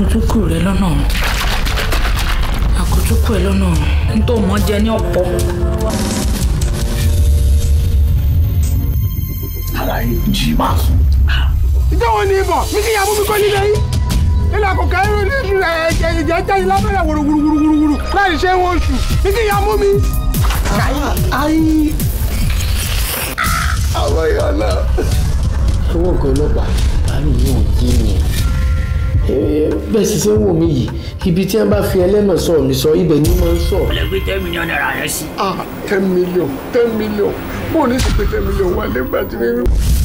àkótókù rẹ lọ́nà ọ̀run àkótókù ẹ lọ́nà ọ̀run nítorí mọ́ jẹ ní ọ̀pọ̀. ara yìí jí máa sùn. ìjọ wọn ni ibọ mi kì í yàgò mi kọ́ nílẹ̀ yìí nílẹ̀ kò kẹ́ irú ní ẹ̀jẹ̀ ẹ̀jẹ̀ jáde lábẹ́rẹ́ wùrùwùrùwùrù láì ṣe wọn oṣù mi kì í yàgò mi. àwọn ìyá náà. owó nǹkan ọlọ́pàá bẹ́ẹ̀ sì ṣe ń wò mí yìí ibi tí wọ́n bá fi ẹlẹ́mọ̀ sọ mi sọ ibẹ̀ ni mo ń sọ. o lè gbé ten million naira rẹ sí. ah ten million ten million mo ò ní sí pé ten million wà lẹ́gbàá tí mi rí.